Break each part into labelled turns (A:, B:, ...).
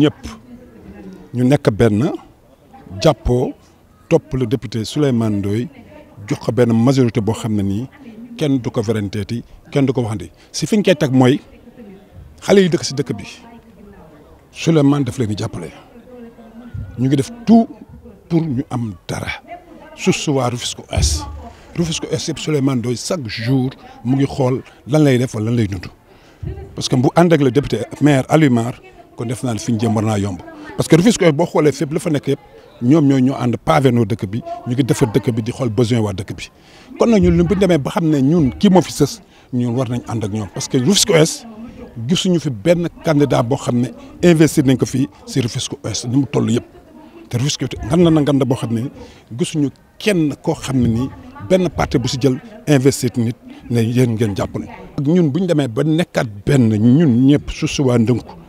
A: ñëpp ñu nekk benn jàppoo topp le député Souleymane Ndoye jox ko majorité boo xam ne kenn du ko kenn du waxandi si de koy teg mooy xale yi dëkk si dëkk bi Souleymane daf leen di ñu ngi def tout pour ñu am dara waa Souleymane chaque jour mu ngi lan parce que bu le député maire kon def naa ne fi ñu jëm war naa yomb parce que Rufisque bo xolé fep la fa nek yep ñom ñoo ñu and pavé noo dëkk bi ñu ngi defal dëkk bi di xol besoin wa dëkk bi kon nag ñun bu ñu demee ba xamné ñun ki mo fi seuss ñun war nañ and ak ñom parce que risque OS gisuñu fi ben candidat bo xamné investir nañ ko fi si Rufisque Ouest ni mu toll yëpp te Rufisque ngan na na ngan boo xam kenn ko xamné ne nii parti bu ci jël investir nit ne yeen ngeen jàppale. ñun buñ démé ba nekkat ben ñun ñëpp susuwaa ndënku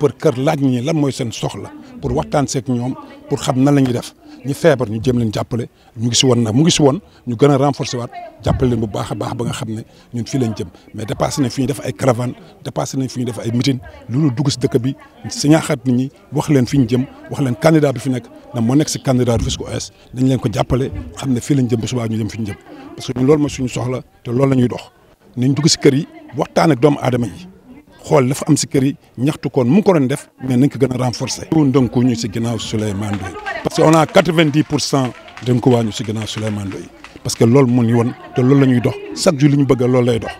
A: pour kër laaj ñi lan mooy seen soxla pour waxtaan seek ñoom pour xam nan la ñuy def ñu feebar ñu jëm leen jàppale ñu ngi si woon nag mu ngi si woon ñu gën a renforcer waat jàppale leen bu baax a baax ba nga xam ne ñun fii lañ jëm mais dépassé nañ fi ñu def ay caravane dépassé nañ fi ñu def ay meeting loolu dugg si dëkk bi si ñaaxaat nit ñi wax leen fi ñu jëm wax leen candidat bi fi nekk ndax moo nekk si candidat Rufisque Ouest dañ leen ko jàppale xam ne fii lañ jëm bu subaa ñu jëm fi ñu parce que ñun loolu suñu soxla te lool la ñuy dox niñ dugg si kër yi waxtaan doomu aadama yi xool dafa am si kër yi ñaxtu koon mu ko doon def mais nañ ko gën a renforcer. ndënku ñu si ginnaaw Souleymane Ndoye parce que on a quatre-vingt-dix pour cent ndënku waa ñu si a Souleymane Ndoye parce que loolu mun ñu woon te loolu la ñuy dox chaque jour li ñu bëgg loolu lay dox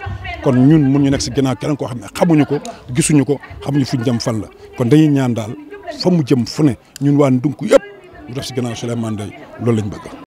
A: kon ñun mun ñu nekk si ginnaaw keneen ko xam ne ñu ko gisuñu ko xamuñu fu ñu jëm fan la kon dañuy ñaan daal fa mu jëm fu ne ñun waan ndunk yëpp mu def si ginnaaw Souleymane Ndoye loolu lañ bëgg